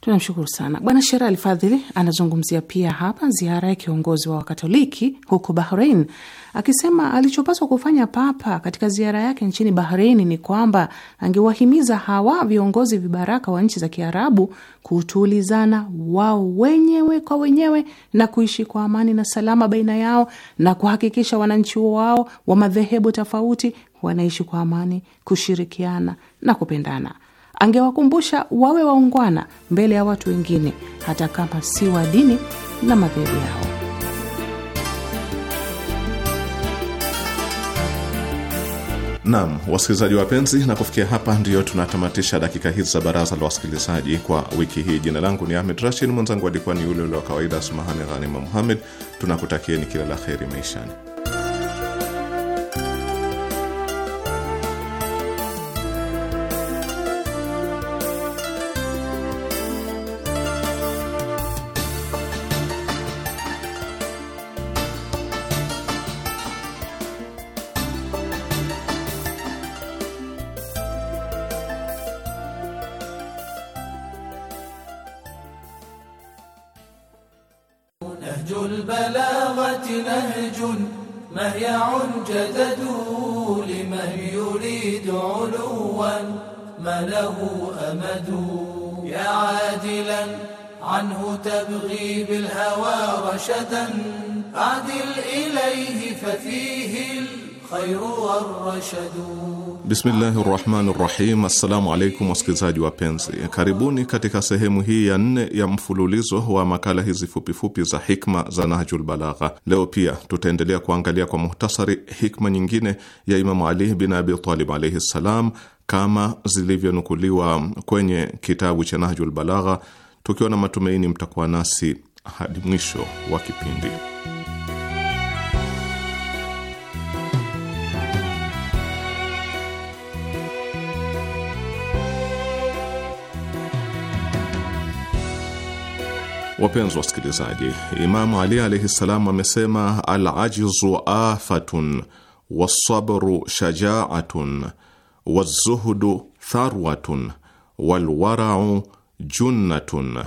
Tunamshukuru sana Bwana Shera Alfadhili. Anazungumzia pia hapa ziara ya kiongozi wa Wakatoliki huko Bahrein, akisema alichopaswa kufanya Papa katika ziara yake nchini Bahrein ni kwamba angewahimiza hawa viongozi vibaraka wa nchi za Kiarabu kutulizana wao wenyewe kwa wenyewe na kuishi kwa amani na salama baina yao na kuhakikisha wananchi wao wa madhehebu tofauti wanaishi kwa amani, kushirikiana na kupendana. Angewakumbusha wawe waungwana mbele ya watu wengine, hata kama si wa dini na madhehebu yao. Nam, wasikilizaji wapenzi, na kufikia hapa ndiyo tunatamatisha dakika hizi za baraza la wasikilizaji kwa wiki hii. Jina langu ni Ahmed Rashid, mwenzangu alikuwa ni yule ule wa kawaida Asmahani Ghanima Muhammed. Tunakutakieni kila la kheri maishani. رشدا عدل إليه ففيه الخير والرشد Bismillahi rahmani rahim. Assalamu alaikum wasikilizaji wapenzi, karibuni katika sehemu hii ya nne ya mfululizo wa makala hizi fupifupi za hikma za Nahjul Balagha. Leo pia tutaendelea kuangalia kwa muhtasari hikma nyingine ya Imamu Ali bin Abi Talib alaihi ssalam, kama zilivyonukuliwa kwenye kitabu cha Nahjul Balagha, tukiwa na matumaini mtakuwa nasi hadi mwisho wa kipindi. Wapenzi wasikilizaji, Imamu Ali alaihi ssalam amesema alajizu afatun wasabru shajaatun wazuhdu tharwatun walwarau junnatun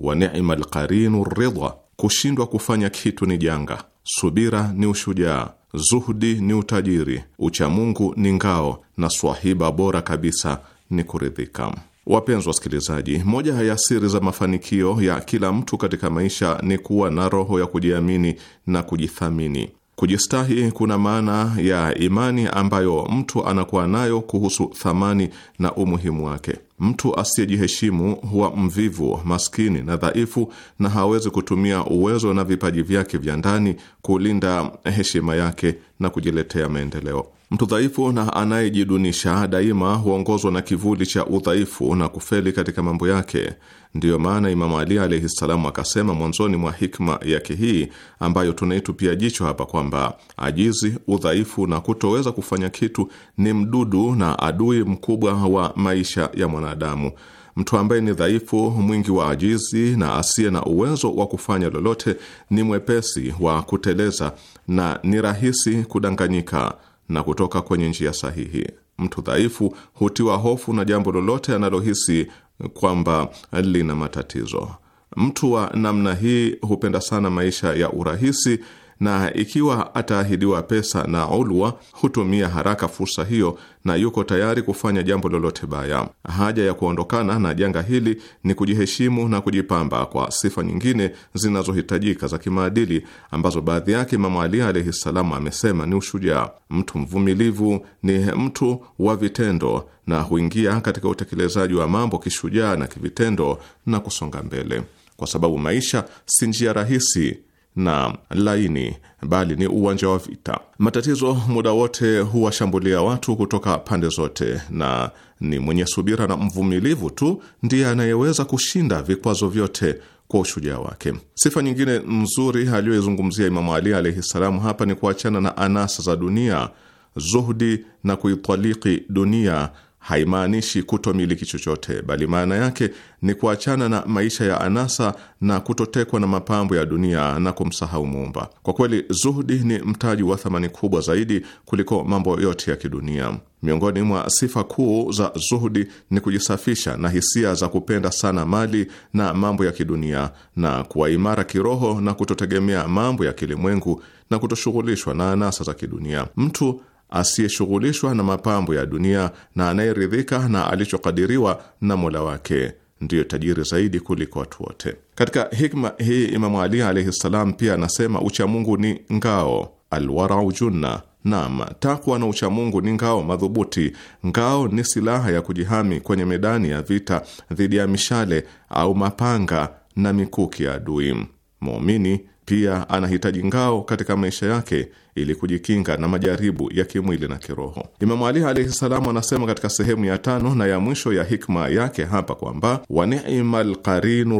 wa ni'ma alqarinu ridha, kushindwa kufanya kitu ni janga, subira ni ushujaa, zuhdi ni utajiri, uchamungu ni ngao, na swahiba bora kabisa ni kuridhika. Wapenzi wasikilizaji, moja ya siri za mafanikio ya kila mtu katika maisha ni kuwa na roho ya kujiamini na kujithamini. Kujistahi kuna maana ya imani ambayo mtu anakuwa nayo kuhusu thamani na umuhimu wake. Mtu asiyejiheshimu huwa mvivu, maskini na dhaifu, na hawezi kutumia uwezo na vipaji vyake vya ndani kulinda heshima yake na kujiletea maendeleo. Mtu dhaifu na anayejidunisha daima huongozwa na kivuli cha udhaifu na kufeli katika mambo yake. Ndiyo maana Imamu Ali alaihi ssalamu akasema mwanzoni mwa hikma yake hii ambayo tunaitupia jicho hapa kwamba ajizi, udhaifu na kutoweza kufanya kitu ni mdudu na adui mkubwa wa maisha ya mwanadamu. Mtu ambaye ni dhaifu, mwingi wa ajizi na asiye na uwezo wa kufanya lolote, ni mwepesi wa kuteleza na ni rahisi kudanganyika na kutoka kwenye njia sahihi. Mtu dhaifu hutiwa hofu na jambo lolote analohisi kwamba lina matatizo. Mtu wa namna hii hupenda sana maisha ya urahisi na ikiwa ataahidiwa pesa na Ulwa hutumia haraka fursa hiyo na yuko tayari kufanya jambo lolote baya. Haja ya kuondokana na janga hili ni kujiheshimu na kujipamba kwa sifa nyingine zinazohitajika za kimaadili ambazo baadhi yake Imamu Ali alaihi ssalam amesema ni ushujaa. Mtu mvumilivu ni mtu wa vitendo na huingia katika utekelezaji wa mambo kishujaa na kivitendo na kusonga mbele, kwa sababu maisha si njia rahisi na laini, bali ni uwanja wa vita. Matatizo muda wote huwashambulia watu kutoka pande zote, na ni mwenye subira na mvumilivu tu ndiye anayeweza kushinda vikwazo vyote kwa ushujaa wake. Sifa nyingine nzuri aliyoizungumzia Imamu Ali alaihi salamu hapa ni kuachana na anasa za dunia, zuhdi na kuitaliki dunia haimaanishi kutomiliki chochote, bali maana yake ni kuachana na maisha ya anasa na kutotekwa na mapambo ya dunia na kumsahau Muumba. Kwa kweli, zuhudi ni mtaji wa thamani kubwa zaidi kuliko mambo yote ya kidunia. Miongoni mwa sifa kuu za zuhudi ni kujisafisha na hisia za kupenda sana mali na mambo ya kidunia na kuwa imara kiroho na kutotegemea mambo ya kilimwengu na kutoshughulishwa na anasa za kidunia. Mtu asiyeshughulishwa na mapambo ya dunia na anayeridhika na alichokadiriwa na Mola wake ndiyo tajiri zaidi kuliko watu wote. Katika hikma hii Imamu Ali alaihi ssalam pia anasema uchamungu ni ngao, alwarau junna. Naam, takwa na uchamungu ni ngao madhubuti. Ngao ni silaha ya kujihami kwenye medani ya vita dhidi ya mishale au mapanga na mikuki ya adui. Muumini pia anahitaji ngao katika maisha yake ili kujikinga na majaribu ya kimwili na kiroho. Imamu Ali alaihi salamu anasema katika sehemu ya tano na ya mwisho ya hikma yake hapa kwamba wa ni'mal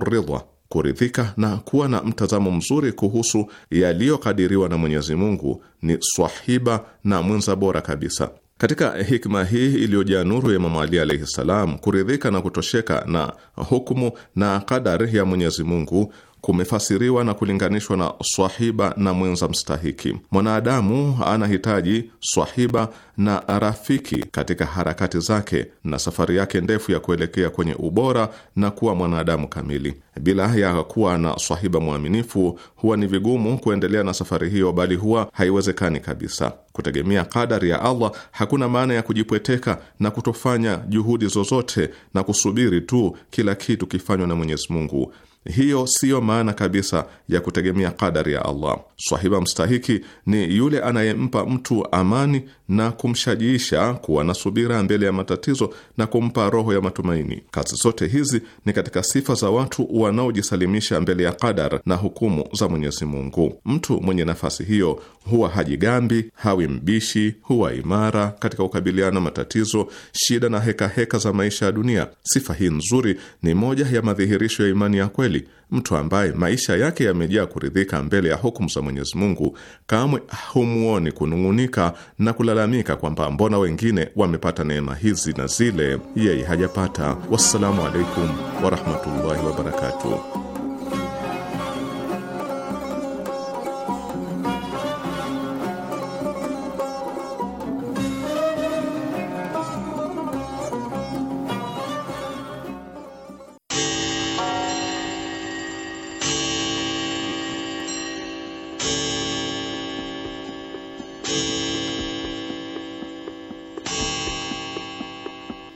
ridha, kuridhika na kuwa na mtazamo mzuri kuhusu yaliyokadiriwa na Mwenyezi Mungu ni swahiba na mwenza bora kabisa. Katika hikma hii iliyojaa nuru ya Imamu Ali alaihi salam, kuridhika na kutosheka na hukumu na kadari ya Mwenyezi Mungu kumefasiriwa na kulinganishwa na swahiba na mwenza mstahiki. Mwanadamu anahitaji swahiba na rafiki katika harakati zake na safari yake ndefu ya kuelekea kwenye ubora na kuwa mwanadamu kamili. Bila ya kuwa na swahiba mwaminifu, huwa ni vigumu kuendelea na safari hiyo, bali huwa haiwezekani kabisa. Kutegemea kadari ya Allah hakuna maana ya kujipweteka na kutofanya juhudi zozote na kusubiri tu kila kitu kifanywa na Mwenyezi Mungu. Hiyo siyo maana kabisa ya kutegemea kadari ya Allah. Swahiba mstahiki ni yule anayempa mtu amani na kumshajiisha kuwa na subira mbele ya matatizo na kumpa roho ya matumaini. Kazi zote hizi ni katika sifa za watu wanaojisalimisha mbele ya kadar na hukumu za Mwenyezi Mungu. Mtu mwenye nafasi hiyo huwa hajigambi, hawi mbishi, huwa imara katika kukabiliana na matatizo, shida na hekaheka heka za maisha ya dunia. Sifa hii nzuri ni moja ya madhihirisho ya imani ya kweli kweli, mtu ambaye maisha yake yamejaa kuridhika mbele ya hukumu za Mwenyezi Mungu, kamwe humuoni kunung'unika na kulalamika kwamba mbona wengine wamepata neema hizi na zile, yeye hajapata. Wassalamu alaikum warahmatullahi wabarakatuh.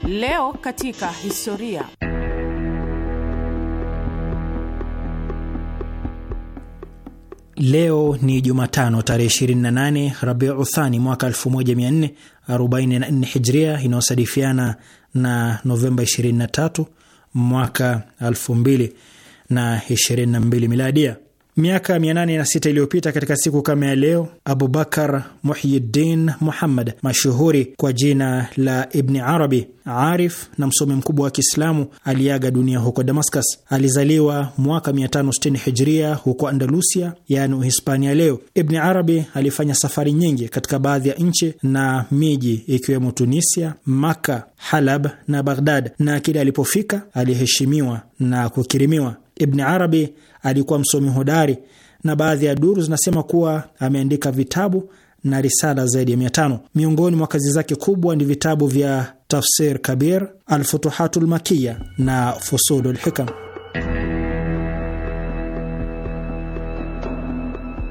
Leo katika historia. Leo ni Jumatano tarehe 28 Rabiu Thani mwaka 1444 Hijria, inayosadifiana na Novemba 23 mwaka 2022 Miladia. Miaka 806 iliyopita katika siku kama ya leo, Abubakar Muhyiddin Muhammad mashuhuri kwa jina la Ibni Arabi, arif na msomi mkubwa wa Kiislamu, aliaga dunia huko Damascus. Alizaliwa mwaka 560 Hijria huko Andalusia, yaani Uhispania leo. Ibni Arabi alifanya safari nyingi katika baadhi ya nchi na miji ikiwemo Tunisia, Maka, Halab na Baghdad, na kila alipofika aliheshimiwa na kukirimiwa. Ibni Arabi alikuwa msomi hodari na baadhi ya duru zinasema kuwa ameandika vitabu na risala zaidi ya mia tano. Miongoni mwa kazi zake kubwa ni vitabu vya Tafsir Kabir, Alfutuhatu Lmakiya na Fusulu Lhikam.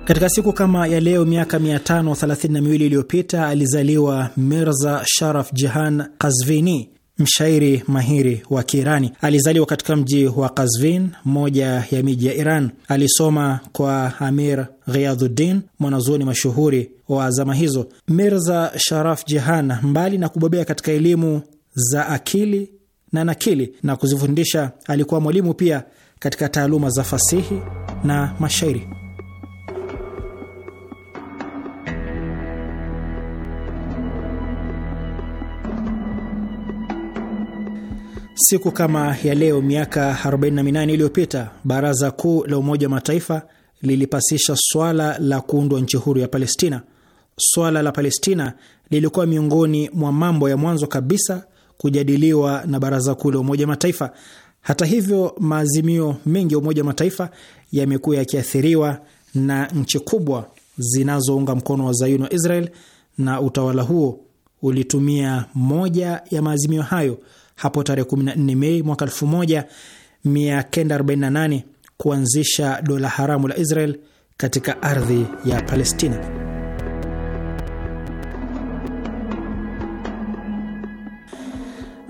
Katika siku kama ya leo miaka 532 iliyopita alizaliwa Mirza Sharaf Jahan Kazvini, mshairi mahiri wa Kiirani. Alizaliwa katika mji wa Kazvin, moja ya miji ya Iran. Alisoma kwa Amir Ghiadhuddin, mwanazuoni mashuhuri wa zama hizo. Mirza Sharaf jihan mbali na kubobea katika elimu za akili na nakili na kuzifundisha, alikuwa mwalimu pia katika taaluma za fasihi na mashairi. Siku kama ya leo miaka 48 iliyopita Baraza Kuu la Umoja wa Mataifa lilipasisha swala la kuundwa nchi huru ya Palestina. Swala la Palestina lilikuwa miongoni mwa mambo ya mwanzo kabisa kujadiliwa na Baraza Kuu la Umoja wa Mataifa. Hata hivyo, maazimio mengi ya Umoja wa Mataifa yamekuwa yakiathiriwa na nchi kubwa zinazounga mkono wa zayuni wa Israel, na utawala huo ulitumia moja ya maazimio hayo hapo tarehe 14 Mei mwaka 1948 kuanzisha dola haramu la Israel katika ardhi ya Palestina.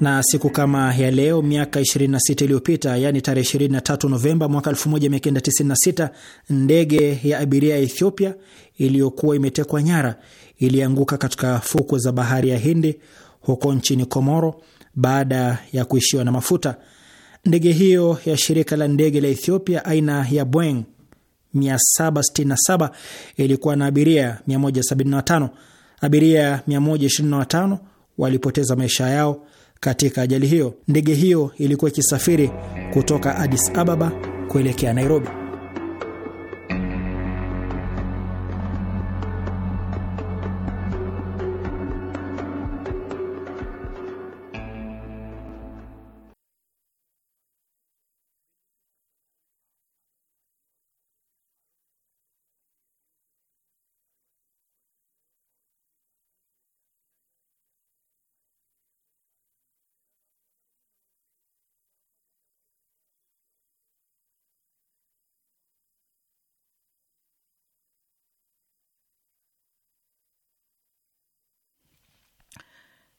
na siku kama ya leo miaka 26 iliyopita, yaani tarehe 23 Novemba mwaka 1996, ndege ya abiria ya Ethiopia iliyokuwa imetekwa nyara ilianguka katika fukwe za bahari ya Hindi huko nchini Komoro baada ya kuishiwa na mafuta. Ndege hiyo ya shirika la ndege la Ethiopia aina ya Boeing 767 ilikuwa na abiria 175. Abiria 125 walipoteza maisha yao katika ajali hiyo. Ndege hiyo ilikuwa ikisafiri kutoka Addis Ababa kuelekea Nairobi.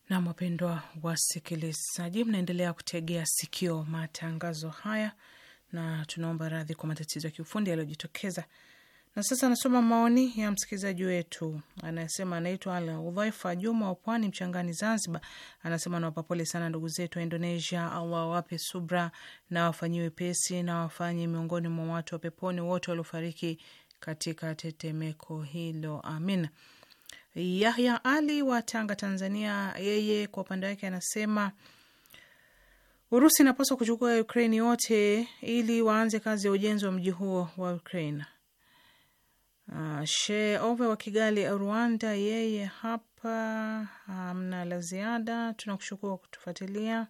Na wapendwa wasikilizaji, mnaendelea kutegea sikio matangazo haya, na tunaomba radhi kwa matatizo ya kiufundi yaliyojitokeza. Na sasa anasoma maoni ya msikilizaji wetu anasema anaitwa Al Udhaifa Juma wa Pwani Mchangani, Zanzibar. Anasema nawapa pole sana ndugu zetu wa Indonesia. Allah subra na wafanyie wepesi na wafanye miongoni mwa watu wa peponi wote waliofariki katika tetemeko hilo, amin. Yahya Ali wa Tanga, Tanzania, yeye kwa upande wake anasema Urusi inapaswa kuchukua Ukraine yote ili waanze kazi ya ujenzi wa mji huo wa Ukraine. Uh, she ove wa Kigali, Rwanda, yeye hapa amna um, la ziada. Tunakushukuru kwa kutufuatilia.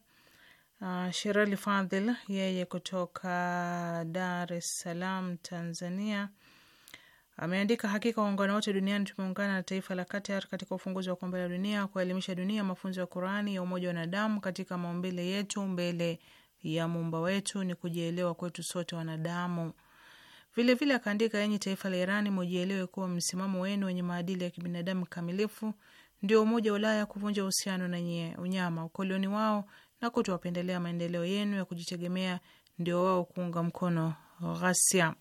Uh, Sherali Fadhil yeye kutoka Dar es Salaam, Tanzania, Ameandika, hakika waungano wote duniani tumeungana na taifa la Qatar katika ufunguzi wa kombe la dunia, kuelimisha dunia mafunzo ya Qurani ya umoja wa wanadamu katika maumbile yetu mbele ya muumba wetu ni kujielewa kwetu sote wanadamu. Vilevile akaandika, enyi taifa la Irani, mujielewe kuwa msimamo wenu wenye maadili ya kibinadamu kamilifu ndio Umoja wa Ulaya kuvunja uhusiano na nye, unyama ukoloni wao na kutowapendelea maendeleo yenu ya kujitegemea, ndio wao kuunga mkono ghasia.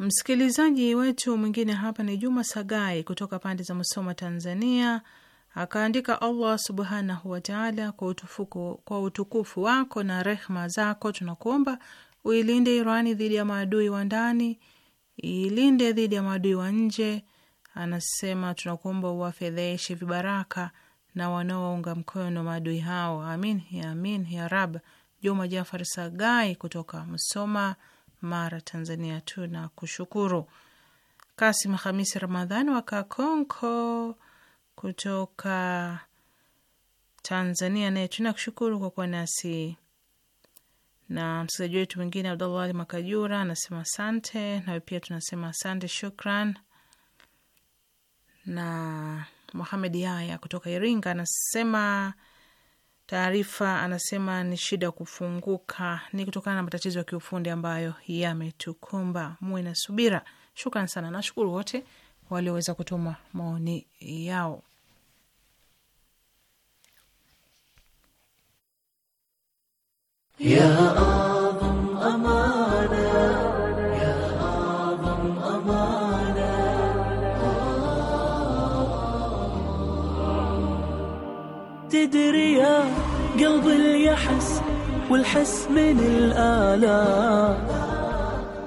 Msikilizaji wetu mwingine hapa ni Juma Sagai kutoka pande za Musoma, Tanzania, akaandika: Allah subhanahu wataala, kwa kwa utukufu wako na rehma zako tunakuomba uilinde Irani dhidi ya maadui wa ndani, ilinde dhidi ya maadui wa nje. Anasema tunakuomba uwafedheshe vibaraka na wanaounga mkono maadui hao. Amin ya amin ya rab. Juma Jafar Sagai kutoka Musoma mara, Tanzania. Tuna kushukuru. Kasim Hamisi Ramadhani wa Kakonko kutoka Tanzania, naye tuna kushukuru kwa kuwa nasi na msikilizaji wetu mwingine Abdallah Ali Makajura anasema asante. Nawe pia tunasema asante, shukran. Na Muhamed Yaya kutoka Iringa anasema Taarifa anasema ni shida kufunguka, ni kutokana na matatizo ya kiufundi ambayo yametukumba. Muwe na subira. Shukran sana, nashukuru wote walioweza kutuma maoni yao. Ya adham amana قلبي اليحس يحس والحس من الآلام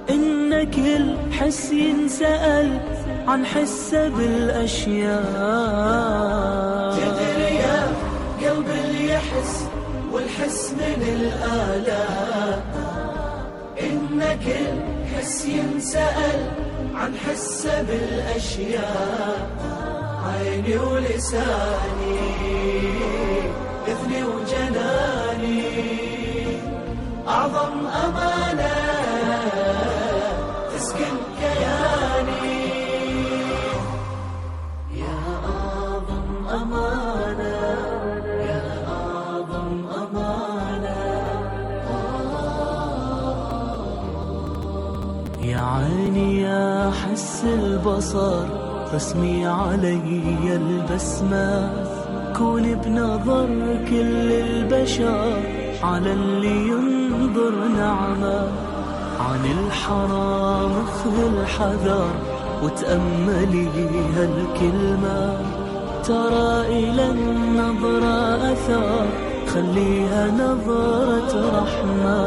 إن كل حس ينسأل عن حسه بالأشياء تدري يا قلبي اليحس يحس والحس من الآلام إن كل حس ينسأل عن حسه بالأشياء عيني ولساني حزني وجناني أعظم أمانة تسكن كياني يا أعظم أمانة يا أعظم أمانة يا عيني يا حس البصر رسمي علي البسمه أكون بنظر كل البشر على اللي ينظر نعمة عن الحرام خذ الحذر وتأملي هالكلمة ترى إلى النظرة أثر خليها نظرة رحمة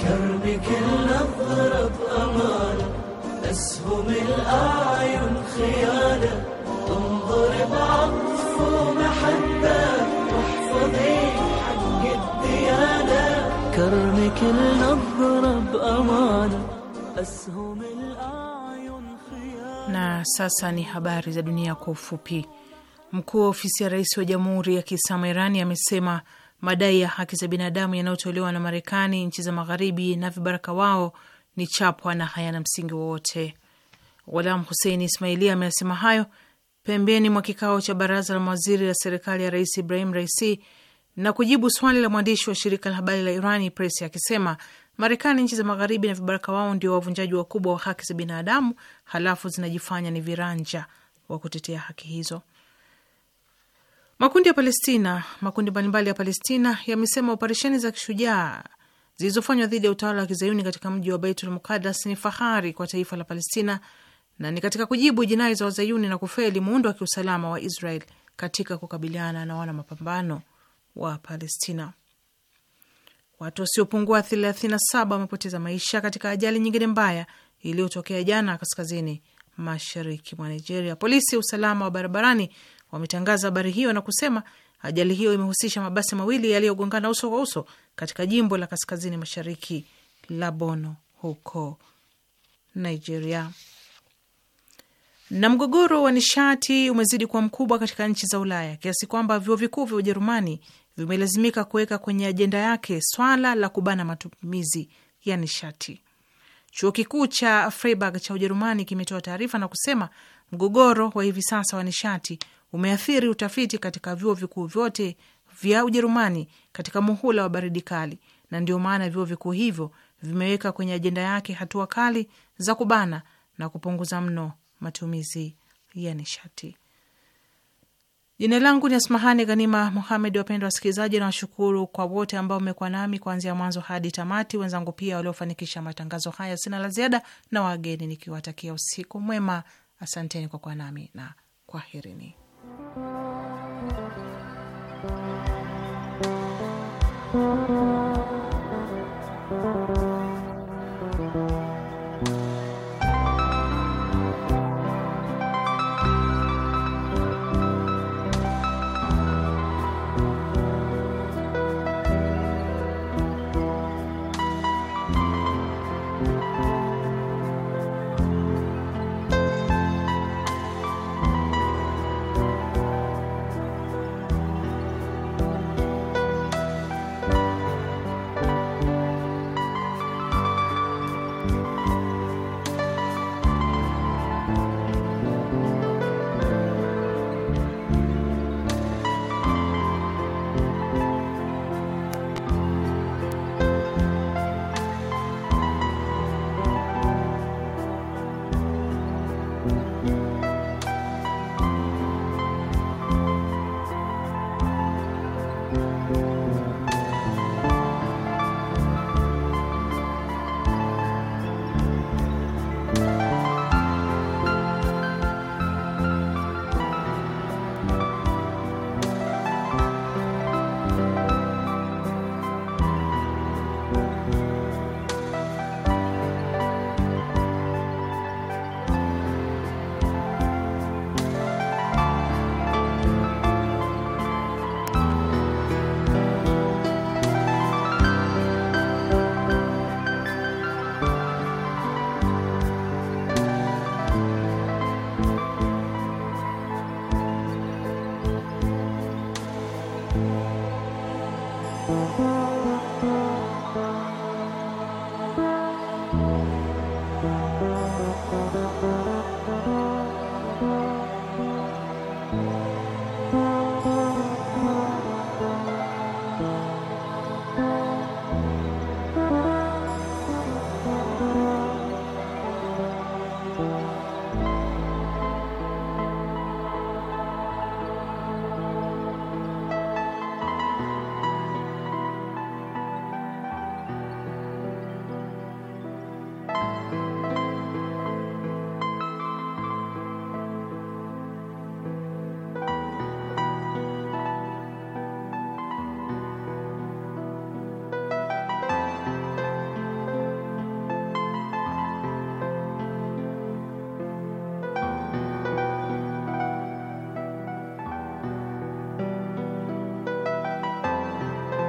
كربك النظرة بأمانة أسهم الأعين خيانة انظر بعض na sasa ni habari za dunia kwa ufupi. Mkuu wa ofisi ya rais wa Jamhuri ya Kiislamu Irani amesema madai ya haki za binadamu yanayotolewa na Marekani, nchi za Magharibi na vibaraka wao ni chapwa na hayana msingi wowote. Ghulam Husein Ismaili ameasema hayo pembeni mwa kikao cha baraza la mawaziri la serikali ya Rais Ibrahim Raisi na kujibu swali la mwandishi wa shirika la habari la Irani Press akisema Marekani, nchi za Magharibi na vibaraka wao ndio wavunjaji wakubwa wa haki za binadamu, halafu zinajifanya ni viranja wa kutetea haki hizo. Makundi ya Palestina, makundi mbalimbali ya Palestina yamesema operesheni za kishujaa zilizofanywa dhidi ya utawala wa kizayuni katika mji wa Baitul Mukadas ni fahari kwa taifa la Palestina na ni katika kujibu jinai za wazayuni na kufeli muundo wa kiusalama wa Israel katika kukabiliana na wana mapambano wa Palestina. Watu wasiopungua 37 wamepoteza maisha katika ajali nyingine mbaya iliyotokea jana kaskazini mashariki mwa Nigeria. Polisi usalama wa barabarani wametangaza habari hiyo na kusema ajali hiyo imehusisha mabasi mawili yaliyogongana uso kwa uso katika jimbo la kaskazini mashariki la Bono huko Nigeria. Na mgogoro wa nishati umezidi kuwa mkubwa katika nchi za Ulaya kiasi kwamba vyuo vikuu vya Ujerumani vimelazimika kuweka kwenye ajenda yake swala la kubana matumizi ya nishati. Chuo kikuu cha Freiburg cha Ujerumani kimetoa taarifa na kusema mgogoro wa hivi sasa wa nishati umeathiri utafiti katika vyuo vikuu vyote vya Ujerumani katika muhula wa baridi kali, na ndio maana vyuo vikuu hivyo vimeweka kwenye ajenda yake hatua kali za kubana na kupunguza mno matumizi ya nishati. Jina langu ni Asmahani Ghanima Muhamed. Wapendwa wasikilizaji, na washukuru kwa wote ambao mmekuwa nami kuanzia mwanzo hadi tamati, wenzangu pia waliofanikisha matangazo haya. Sina la ziada na wageni, nikiwatakia usiku mwema. Asanteni kwa kuwa nami na kwaherini.